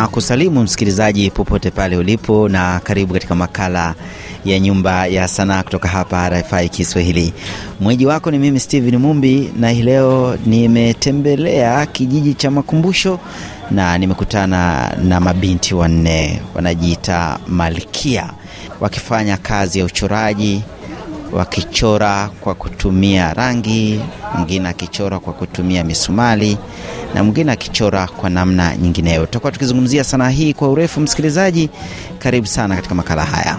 na kusalimu msikilizaji popote pale ulipo, na karibu katika makala ya Nyumba ya Sanaa kutoka hapa RFI Kiswahili. Mwenyeji wako ni mimi stehen Mumbi, na hii leo nimetembelea kijiji cha Makumbusho na nimekutana na mabinti wanne wanajiita Malkia wakifanya kazi ya uchoraji wakichora kwa kutumia rangi, mwingine akichora kwa kutumia misumali na mwingine akichora kwa namna nyingineyo. Tutakuwa tukizungumzia sanaa hii kwa urefu. Msikilizaji, karibu sana katika makala haya.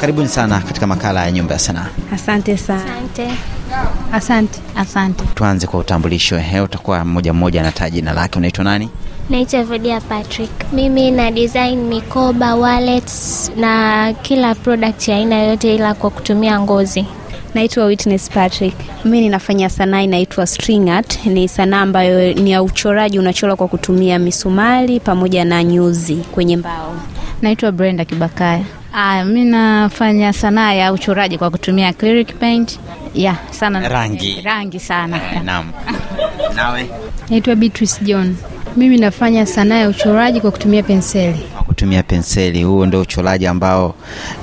Karibuni sana katika makala ya Nyumba ya Sanaa. Asante sana. Asante. Asante. Asante. Tuanze kwa utambulisho. Utakuwa mmoja mmoja anataja jina lake. Unaitwa nani? Naitwa Evodia Patrick. Mimi na design mikoba, wallets na kila product ya aina yote ila kwa kutumia ngozi. Naitwa Witness Patrick. Mimi ninafanya sanaa inaitwa string art. Ni sanaa ambayo ni ya uchoraji, unachora kwa kutumia misumari pamoja na nyuzi kwenye mbao. Naitwa Brenda Kibakaya. Ah, mimi nafanya sanaa ya uchoraji kwa kutumia acrylic paint. Yeah, sana rangi. Rangi sana. Naam. Nawe? Naitwa Beatrice John. Mimi nafanya sanaa ya uchoraji kwa kutumia penseli. Kwa kutumia penseli, huo ndio uchoraji ambao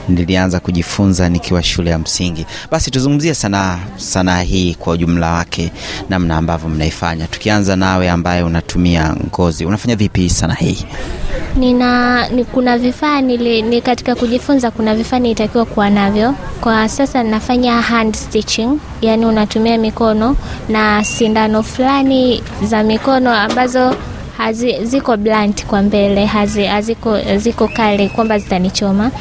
nilianza kujifunza nikiwa shule ya msingi. Basi tuzungumzie sanaa sanaa hii kwa ujumla wake, namna ambavyo mnaifanya, tukianza nawe ambaye unatumia ngozi. Unafanya vipi sanaa hii? Nina ni, kuna vifaa ni, ni katika kujifunza, kuna vifaa nilitakiwa kuwa navyo. Kwa sasa nafanya hand stitching, yani unatumia mikono na sindano fulani za mikono ambazo hazi, ziko blunt kwa mbele hazi, haziko, ziko kali kwamba zitanichoma.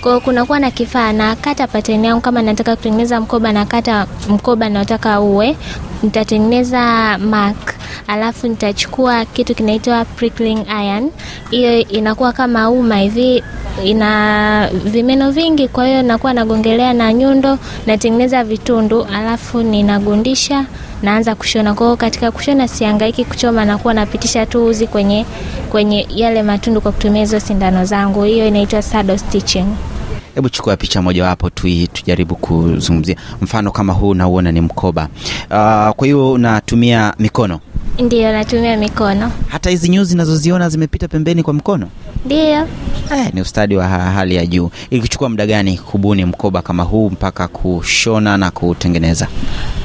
Kwa hiyo kunakuwa na kifaa, na kata pateni yangu. Kama nataka kutengeneza mkoba, na kata mkoba nataka uwe, nitatengeneza mark alafu nitachukua kitu kinaitwa prickling iron. Hiyo inakuwa kama uma hivi, ina vimeno vingi, kwa hiyo nakuwa nagongelea na nyundo, natengeneza vitundu, alafu ninagundisha naanza kushona. Kwa hiyo katika kushona siangaiki kuchoma, nakuwa napitisha tu uzi kwenye, kwenye yale matundu kwa kutumia hizo sindano zangu. Hiyo inaitwa saddle stitching. Hebu chukua picha mojawapo tu tujaribu kuzungumzia mfano kama huu, nauona ni mkoba. Uh, kwa hiyo unatumia mikono Ndiyo, natumia mikono. Hata hizi nyuzi zinazoziona zimepita pembeni kwa mkono? Ndiyo. Eh, ni ustadi wa hali ya juu. Ilichukua muda gani kubuni mkoba kama huu mpaka kushona na kutengeneza?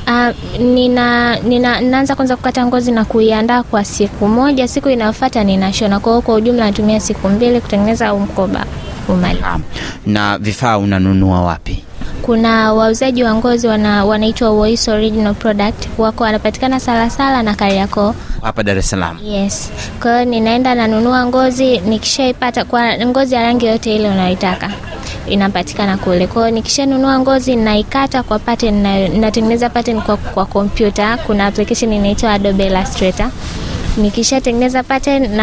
Uh, nina, nina, naanza kwanza kukata ngozi na kuiandaa kwa siku moja, siku inayofuata ninashona. Kwa hiyo kwa ujumla natumia siku mbili kutengeneza huu mkoba umali. Na vifaa unanunua wapi? Kuna wauzaji wa ngozi wana, wanaitwa Voice Original Product, wako wanapatikana Salasala na Kariakoo hapa Dar es Salaam. Yes, kwa hiyo ninaenda nanunua ngozi, nikishaipata kwa ngozi ya rangi yote ile unayotaka inapatikana kule. Kwa hiyo nikishanunua ngozi naikata kwa pattern, natengeneza pattern kwa, kwa kompyuta. Kuna application inaitwa Adobe Illustrator. Nikishatengeneza pattern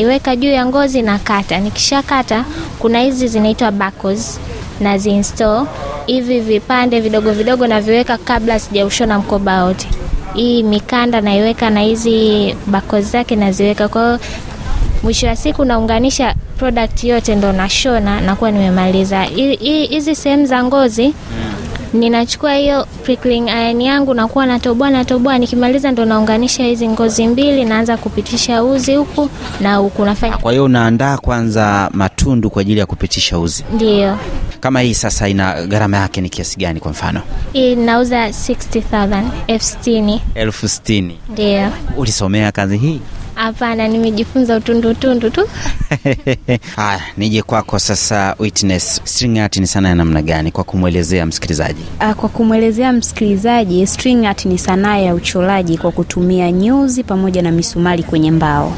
iweka juu ya ngozi na kata. Nikishakata kuna hizi zinaitwa barcodes na naziinstall. Hivi vipande vidogo vidogo naviweka kabla sijaushona mkoba wote. Hii mikanda naiweka na hizi bako zake naziweka. Kwa hiyo mwisho wa siku naunganisha product yote ndo nashona nakuwa nimemaliza. Hizi sehemu za ngozi ninachukua hiyo prickling iron yangu nakuwa natoboa natoboa, nikimaliza ndo naunganisha hizi ngozi mbili, naanza kupitisha uzi huku na huku nafanya. Kwa hiyo unaandaa kwanza matundu kwa ajili ya kupitisha uzi, ndio. Kama hii sasa ina gharama yake ni kiasi gani? Kwa mfano inauza nauza 60000 ndio. Ulisomea kazi hii? Hapana, nimejifunza utundu tu. Haya, nije kwako sasa. Witness, string art ni sanaa ya namna gani kwa kumwelezea msikilizaji? Ah, kwa kumwelezea msikilizaji, string art ni sanaa ya uchoraji kwa kutumia nyuzi pamoja na misumari kwenye mbao.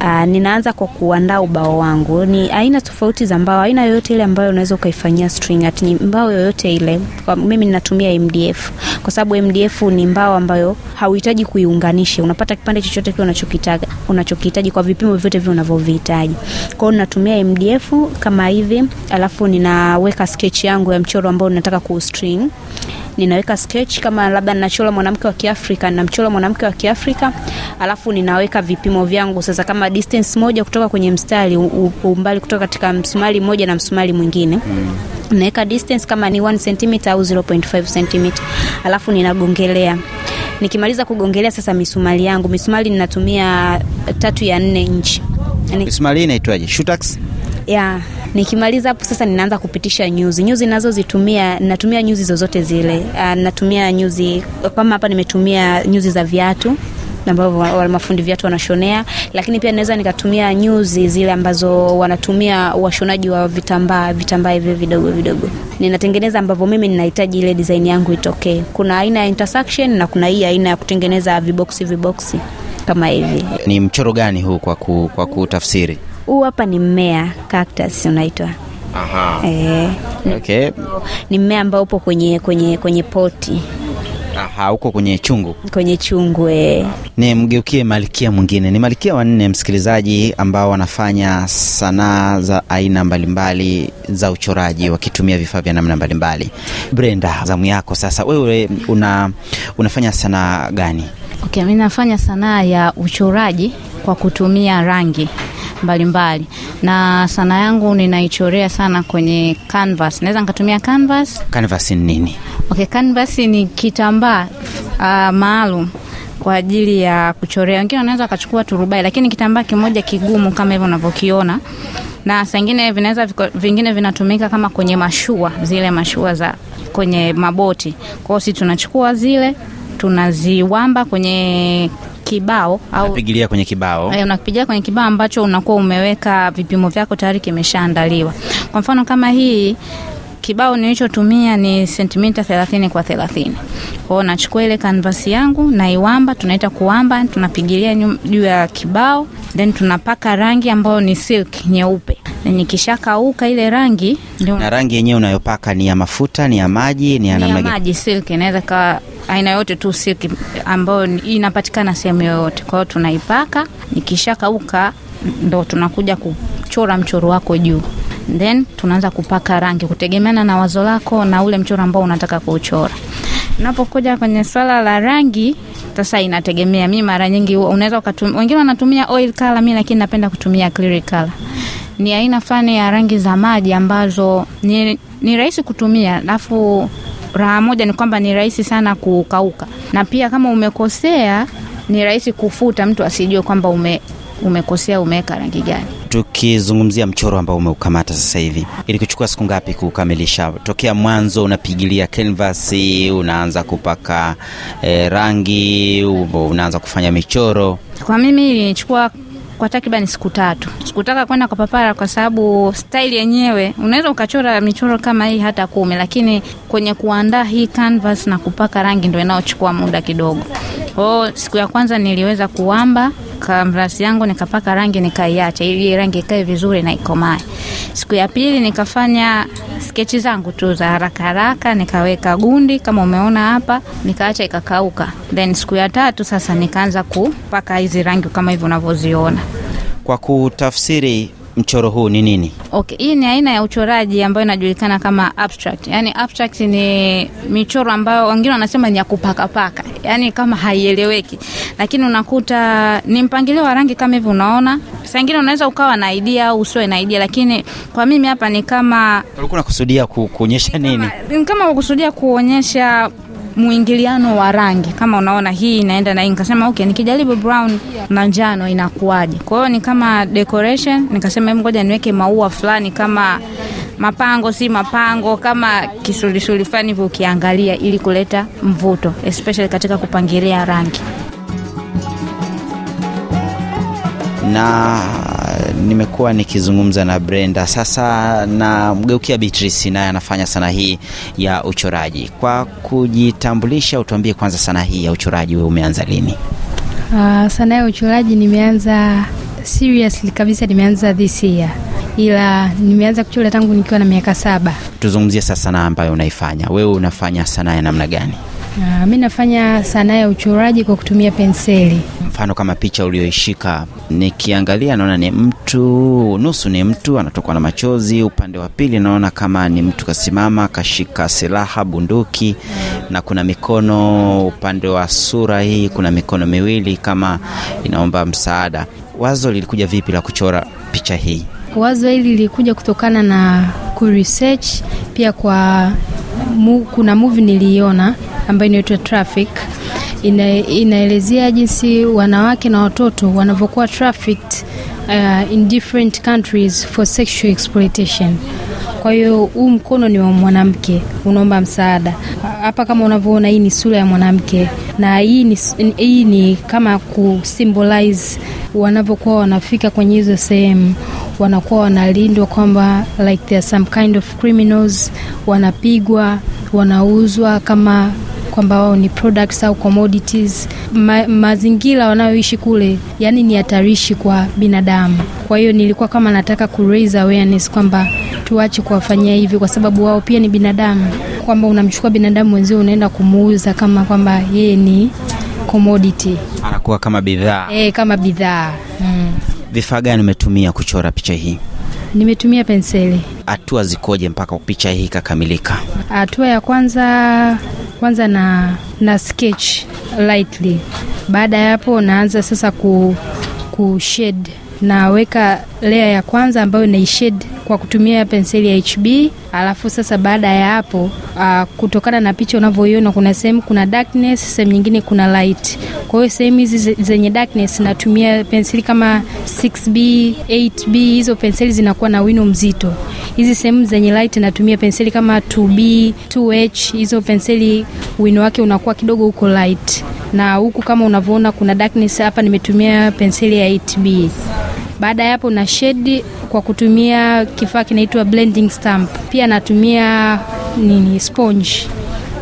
Aa, ah, ninaanza kwa kuandaa ubao wangu. Ni aina tofauti za mbao, aina yoyote ile ambayo unaweza ukaifanyia string art, ni mbao yoyote ile. Kwa mimi ninatumia MDF kwa sababu MDF ni mbao ambayo hauhitaji kuiunganisha, unapata kipande chochote kile unachokitaka unachokihitaji kwa vipimo vyote vile unavyovihitaji. Kwa hiyo ninatumia MDF kama hivi, alafu ninaweka sketch yangu ya mchoro ambao nataka ku string ninaweka sketch kama labda ninachora mwanamke wa Kiafrika, ninamchora mwanamke wa Kiafrika, alafu ninaweka vipimo vyangu sasa, kama distance moja kutoka kwenye mstari, umbali kutoka katika msumari mmoja na msumari mwingine mm. Naweka distance kama ni 1 cm au 0.5 cm, alafu ninagongelea nikimaliza kugongelea sasa misumari yangu, misumari ninatumia tatu ya nne inchi. Yani, inaitwaje? Shutax? yeah. Nikimaliza hapo sasa ninaanza kupitisha nyuzi. Nyuzi nazozitumia, natumia nyuzi zozote zile. Uh, natumia nyuzi kama hapa nimetumia nyuzi za viatu ambavyo mafundi viatu wanashonea, lakini pia naweza nikatumia nyuzi zile ambazo wanatumia washonaji wa vitambaa, vitambaa hivyo vidogo vidogo. Ninatengeneza ambavyo mimi ninahitaji ile design yangu itokee. Kuna aina ya intersection na kuna hii aina ya kutengeneza viboksi viboksi kama hivi. Ni mchoro gani huu kwa ku, kwa kutafsiri? huu hapa ni mmea cactus unaitwa. Aha. E, okay. Ni mmea ambao upo kwenye, kwenye, kwenye poti Aha, kwenye chungu, kwenye chungu eh. Ni mgeukie malkia mwingine, ni malkia wanne, msikilizaji, ambao wanafanya sanaa za aina mbalimbali za uchoraji wakitumia vifaa vya namna mbalimbali. Brenda, zamu yako sasa. Wewe una, unafanya sanaa gani? Okay, mimi nafanya sanaa ya uchoraji kwa kutumia rangi mbalimbali mbali. Na sana yangu ninaichorea sana kwenye canvas. Naweza nikatumia canvas. Canvas ni nini? Okay, canvas ni kitambaa uh, maalum kwa ajili ya kuchorea. Wengine wanaweza wakachukua turubai, lakini kitambaa kimoja kigumu kama hivyo unavyokiona, na sangine vinaweza vingine vinatumika kama kwenye mashua, zile mashua za kwenye maboti. Kwa hiyo tunachukua zile tunaziwamba kwenye kibao au unapigilia kwenye kibao eh, unapigilia kwenye kibao ambacho unakuwa umeweka vipimo vyako tayari, kimeshaandaliwa. Kwa mfano kama hii kibao nilichotumia ni sentimita 30 kwa 30. Kwa hiyo nachukua ile canvas yangu na iwamba, tunaita kuwamba, tunapigilia juu ya kibao, then tunapaka rangi ambayo ni silk nyeupe. Na Nikishakauka ile rangi ndio. Na rangi yenyewe unayopaka ni ya mafuta, ni ya maji, ni ya namna gani? Maji silk inaweza kawa aina yote tu silk ambayo inapatikana sehemu yoyote. Kwa hiyo tunaipaka, ikishakauka ndo tunakuja kuchora mchoro wako juu then tunaanza kupaka rangi kutegemeana na wazo lako na ule mchoro ambao unataka kuuchora. Unapokuja kwenye swala la rangi, sasa inategemea. Mi mara nyingi unaweza ukatumia, wengine wanatumia oil color, mi lakini napenda kutumia acrylic color. Ni aina fulani ya rangi za maji ambazo ni, ni rahisi kutumia alafu Raha moja ni kwamba ni rahisi sana kukauka, na pia kama umekosea ni rahisi kufuta, mtu asijue kwamba ume, umekosea umeweka rangi gani. Tukizungumzia mchoro ambao umeukamata sasa hivi, ili kuchukua siku ngapi kukamilisha? Tokea mwanzo unapigilia canvas, unaanza kupaka eh, rangi, unaanza kufanya michoro. Kwa mimi ilinichukua kwa takriban siku tatu. Sikutaka kwenda kwa papara kwa sababu staili yenyewe unaweza ukachora michoro kama hii hata kumi, lakini kwenye kuandaa hii canvas na kupaka rangi ndo inayochukua muda kidogo. Kwa siku ya kwanza niliweza kuamba kanvasi yangu nikapaka rangi nikaiacha ili rangi ikae vizuri na ikomae. Siku ya pili nikafanya skechi zangu tu za haraka haraka, nikaweka gundi kama umeona hapa, nikaacha ikakauka. Then siku ya tatu sasa nikaanza kupaka hizi rangi kama hivyo unavyoziona. Kwa kutafsiri mchoro huu ni nini? Okay, hii ni aina ya uchoraji ambayo inajulikana kama abstract. Yani abstract ni michoro ambayo wengine wanasema ni ya kupakapaka, yani kama haieleweki, lakini unakuta ni mpangilio wa rangi kama hivi. Unaona, saa unaweza ukawa na idia au usiwe na idia lakini kwa mimi hapa ni kama ulikuwa unakusudia kuonyesha nini? Kama kukusudia kuonyesha mwingiliano wa rangi, kama unaona hii inaenda na hii, nikasema okay, nikijaribu brown na njano inakuwaje? Kwa hiyo ni kama decoration, nikasema hebu ngoja niweke maua fulani kama mapango si mapango kama kisulishuli fulani hivyo, ukiangalia ili kuleta mvuto especially katika kupangilia rangi. Na nimekuwa nikizungumza na Brenda sasa, na mgeukia Beatrice, naye anafanya sanaa hii ya uchoraji. Kwa kujitambulisha, utuambie kwanza, sanaa hii ya uchoraji wewe umeanza lini? Uh, sanaa ya uchoraji nimeanza seriously kabisa, nimeanza this year ila nimeanza kuchora tangu nikiwa na miaka saba. Tuzungumzie sasa sanaa ambayo unaifanya wewe, unafanya sanaa ya namna gani? Ah, mi nafanya sanaa ya uchoraji kwa kutumia penseli. Mfano kama picha ulioishika, nikiangalia naona ni mtu nusu, ni mtu anatokwa na machozi, upande wa pili naona kama ni mtu kasimama, kashika silaha, bunduki, na kuna mikono upande wa sura hii, kuna mikono miwili kama inaomba msaada. Wazo lilikuja vipi la kuchora picha hii? Wazo hili lilikuja kutokana na kuresearch pia kwa mu, kuna movie niliiona ambayo inaitwa traffic ina, inaelezea jinsi wanawake na watoto wanavyokuwa trafficked uh, in different countries for sexual exploitation. Kwa hiyo huu mkono ni wa mwanamke unaomba msaada hapa. Kama unavyoona, hii ni sura ya mwanamke na hii ni, hii ni kama kusymbolize wanavyokuwa wanafika kwenye hizo sehemu wanakuwa wanalindwa kwamba like there are some kind of criminals, wanapigwa, wanauzwa kama kwamba wao ni products au commodities. Ma, mazingira wanayoishi kule yani ni hatarishi kwa binadamu. Kwa hiyo nilikuwa kama nataka ku raise awareness kwamba tuache kuwafanyia hivi, kwa sababu wao pia ni binadamu, kwamba unamchukua binadamu mwenzio unaenda kumuuza kama kwamba yeye ni commodity, anakuwa kama bidhaa e, kama bidhaa mm. Vifaa gani umetumia kuchora picha hii? Nimetumia penseli. Hatua zikoje mpaka picha hii ikakamilika? Hatua ya kwanza kwanza na, na sketch lightly. Baada ya hapo naanza sasa ku, ku shade naweka layer ya kwanza ambayo inaishade kwa kutumia penseli ya HB. Alafu sasa baada ya hapo uh, kutokana na picha unavyoiona, kuna sehemu kuna darkness, sehemu nyingine kuna light. Kwa hiyo sehemu hizi zenye darkness natumia penseli kama 6B, 8B, hizo penseli zinakuwa na wino mzito. Hizi sehemu zenye light natumia penseli kama 2B, 2H, hizo penseli wino wake unakuwa kidogo huko light. Na huku kama unavyoona kuna darkness hapa nimetumia penseli ya 8B. Baada ya hapo na shade kwa kutumia kifaa kinaitwa blending stamp. Pia natumia nini, sponge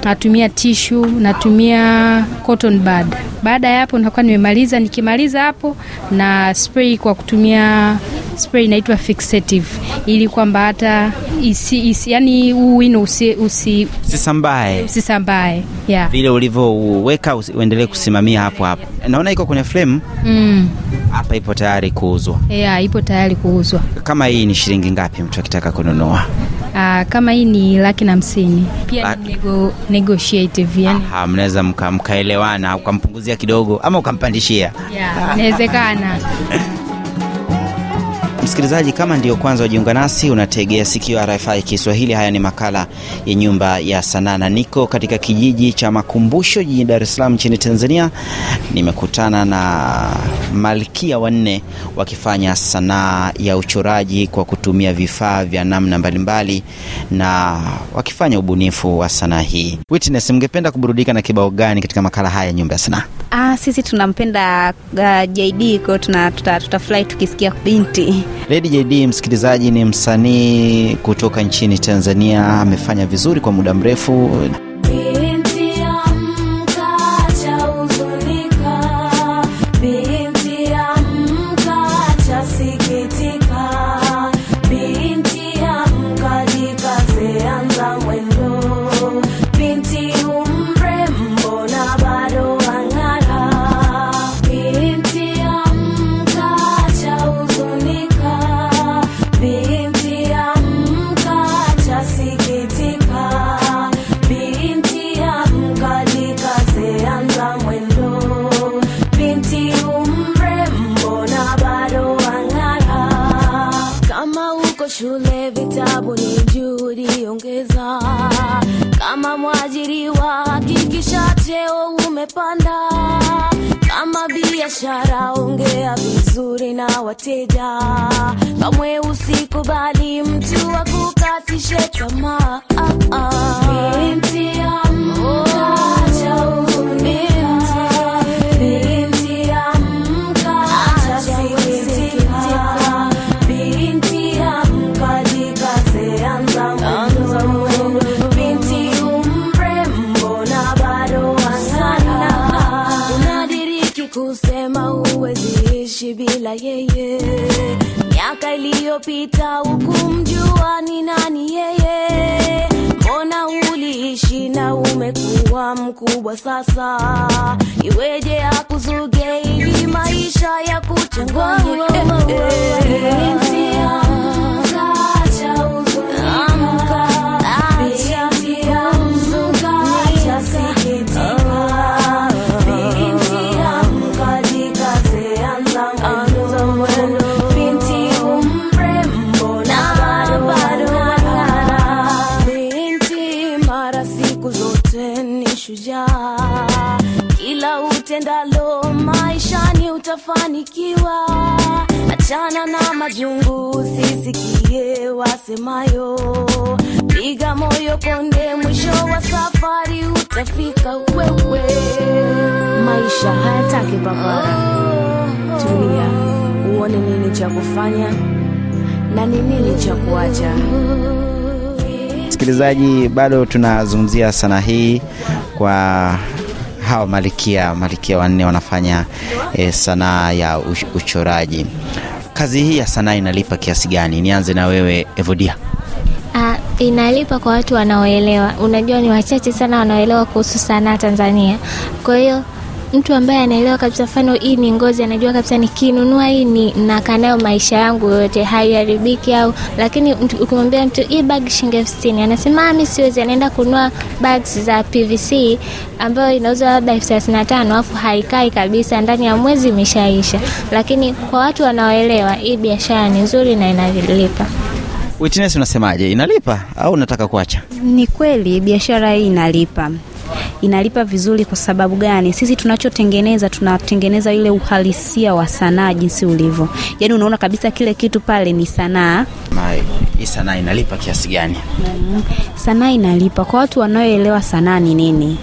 natumia tishu, natumia cotton bud. Baada ya hapo nakuwa nimemaliza. Nikimaliza hapo na spray kwa kutumia spray inaitwa fixative, ili kwamba hata isi, isi, yani huu wino usi, usi, usisambae, yeah. Vile ulivyoweka uendelee kusimamia hapo hapo. Naona iko kwenye frame mm. Hapa ipo tayari kuuzwa? Yeah, ipo tayari kuuzwa. Kama hii ni shilingi ngapi mtu akitaka kununua? Aa, ah, kama hii ni laki na hamsini. Pia ni ah. nego, negotiative yani. mnaweza mkaelewana mka ukampunguzia kidogo ama ukampandishia. Yeah, inawezekana. Msikilizaji, kama ndiyo kwanza wajiunga nasi, unategea sikio RFI Kiswahili. Haya ni makala ya Nyumba ya Sanaa, na niko katika kijiji cha Makumbusho jijini Dar es Salaam nchini Tanzania. Nimekutana na malkia wanne wakifanya sanaa ya uchoraji kwa kutumia vifaa vya namna mbalimbali na wakifanya ubunifu wa sanaa hii. Witness, mngependa kuburudika na kibao gani katika makala haya ya Nyumba ya Sanaa? Ah, sisi tunampenda uh, JD kwa tuna tutafurahi tuta tukisikia binti Lady JD. Msikilizaji, ni msanii kutoka nchini Tanzania, amefanya vizuri kwa muda mrefu. cheo umepanda, kama biashara ongea vizuri na wateja. Kamwe usikubali mtu kukatishe tamaa. Ah, ah. Binti ya yeye, miaka iliyopita hukumjua ni nani yeye. Mbona uliishi na umekuwa mkubwa sasa? Iweje kuzuge ili maisha ya kuchengwa kila utendalo maishani utafanikiwa. Achana na majungu, sisikie wasemayo, piga moyo konde, mwisho wa safari utafika wewe. Maisha hayataki papara, tulia uone nini cha kufanya na ni nini cha kuacha. Msikilizaji, bado tunazungumzia sanaa hii kwa hawa malikia malikia wanne wanafanya e, sanaa ya uchoraji. Kazi hii ya sanaa inalipa kiasi gani? Nianze na wewe Evodia. Uh, inalipa kwa watu wanaoelewa. Unajua ni wachache sana wanaoelewa kuhusu sanaa Tanzania, kwa hiyo mtu ambaye anaelewa kabisa, mfano hii ni ngozi, anajua kabisa nikinunua hii ni nakaa nayo maisha yangu yote, haiharibiki au. Lakini ukimwambia mtu hii bag shilingi elfu sitini anasema ah, mi siwezi, anaenda kununua bags za PVC ambayo inauzwa labda elfu thelathini na tano alafu haikai kabisa, ndani ya mwezi imeshaisha. Lakini kwa watu wanaoelewa hii biashara ni nzuri na inalipa. Witness, unasemaje, inalipa au unataka kuacha? Ni kweli biashara hii inalipa inalipa vizuri. Kwa sababu gani? Sisi tunachotengeneza tunatengeneza ile uhalisia wa sanaa jinsi ulivyo, yaani unaona kabisa kile kitu pale ni sanaa. Hii sanaa inalipa kiasi gani? Mm-hmm. Sanaa inalipa kwa watu wanaoelewa sanaa ni nini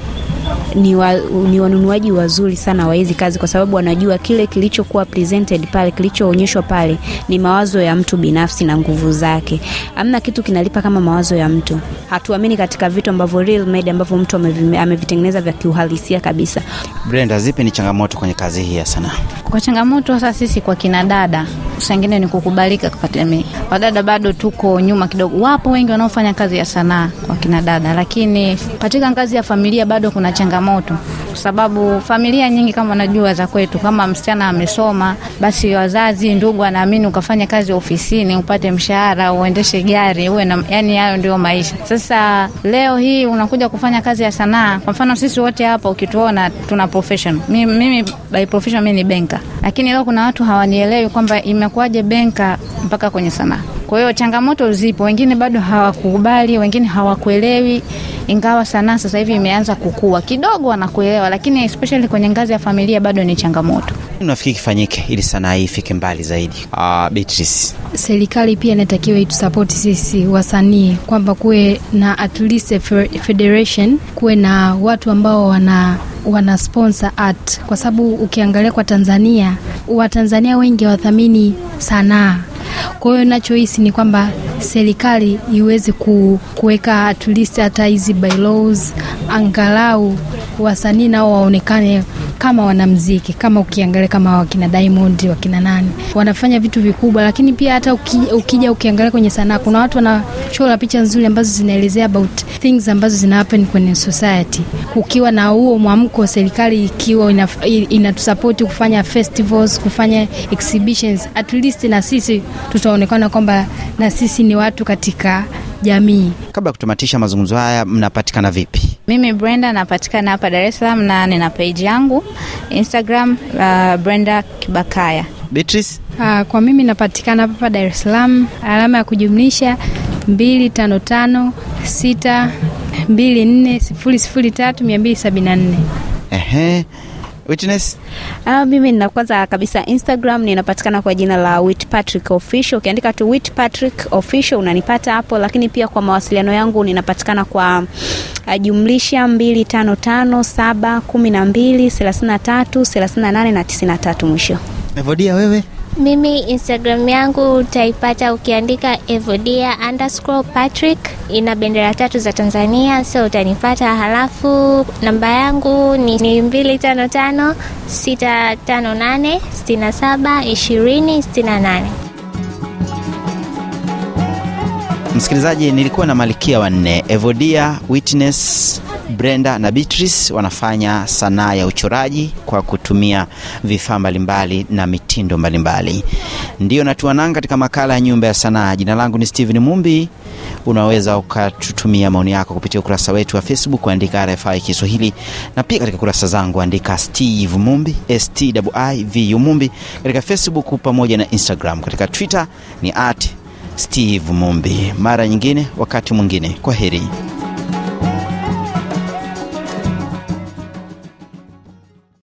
ni, wa, ni wanunuaji wazuri sana wa hizi kazi, kwa sababu wanajua kile kilichokuwa presented pale, kilichoonyeshwa pale ni mawazo ya mtu binafsi na nguvu zake. Amna kitu kinalipa kama mawazo ya mtu. Hatuamini katika vitu ambavyo real made, ambavyo mtu amevitengeneza vya kiuhalisia kabisa. Brenda, zipi ni changamoto kwenye kazi hii ya sanaa? Kwa changamoto sasa, sisi kwa kina dada sengine ni kukubalika kwa jamii. Wadada bado tuko nyuma kidogo, wapo wengi wanaofanya kazi ya sanaa kwa kina dada, lakini katika ngazi ya familia bado kuna changamoto changamoto, kwa sababu familia nyingi kama unajua za kwetu, kama msichana amesoma, basi wazazi, ndugu anaamini ukafanya kazi ofisini upate mshahara, uendeshe gari, uwe na, yani hayo ndio maisha. Sasa leo hii unakuja kufanya kazi ya sanaa. Kwa mfano sisi wote hapa ukituona tuna profession, mimi, mimi by profession mimi ni banker, lakini leo kuna watu hawanielewi kwamba imekuwaje banker mpaka kwenye sanaa. Kwa hiyo changamoto zipo, wengine bado hawakubali wengine hawakuelewi, ingawa sanaa sasa hivi imeanza kukua kidogo, wanakuelewa, lakini especially kwenye ngazi ya familia bado ni changamoto. Nafikiri kifanyike ili sanaa hii ifike mbali zaidi. Uh, Beatrice, serikali pia inatakiwa itusapoti sisi wasanii kwamba kuwe na at least federation, kuwe na watu ambao wana wana sponsor art, kwa sababu ukiangalia kwa Tanzania, Watanzania wengi hawathamini sanaa kwa hiyo nachohisi ni kwamba serikali iweze ku, kuweka at least hata hizi bylaws angalau wasanii nao waonekane kama wanamziki, kama ukiangalia kama wakina Diamond, wakina nani wanafanya vitu vikubwa, lakini pia hata ukija, ukija ukiangalia kwenye sanaa kuna watu wanachora picha nzuri ambazo zinaelezea about things ambazo zina happen kwenye society. Ukiwa na huo mwamko, serikali ikiwa inatusapoti ina kufanya festivals, kufanya exhibitions, at least na sisi tutaonekana kwamba na sisi ni watu katika jamii. Kabla ya kutamatisha mazungumzo haya, mnapatikana vipi? Mimi Brenda napatikana hapa Dar es Salaam na nina page yangu Instagram, uh, Brenda Kibakaya. Beatrice? Uh, kwa mimi napatikana hapa Dar es Salaam, alama ya kujumlisha 255624003274. Ehe. Witness? Ah, mimi nina kwanza kabisa Instagram ninapatikana kwa jina la Patrick Official. Ukiandika tu Patrick Official unanipata hapo, lakini pia kwa mawasiliano yangu ninapatikana kwa ah, jumlisha 2557123338 na 93 mwisho. Evodia wewe? Mimi Instagram yangu utaipata ukiandika Evodia underscore Patrick, ina bendera tatu za Tanzania, so utanipata. Halafu namba yangu ni mbili tano tano sita tano nane sitini na saba ishirini sitini na nane. Msikilizaji, nilikuwa na malikia wanne: Evodia, Witness, Brenda na Beatrice wanafanya sanaa ya uchoraji kwa kutumia vifaa mbalimbali na mitindo mbalimbali. Ndiyo natuananga katika makala ya Nyumba ya Sanaa. Jina langu ni Steven Mumbi. Unaweza ukatutumia maoni yako kupitia ukurasa wetu wa Facebook, andika RFI Kiswahili, na pia katika kurasa zangu andika Steve Mumbi, Stivu Mumbi katika Facebook pamoja na Instagram. Katika Twitter ni at Steve Mumbi. Mara nyingine, wakati mwingine, kwa heri.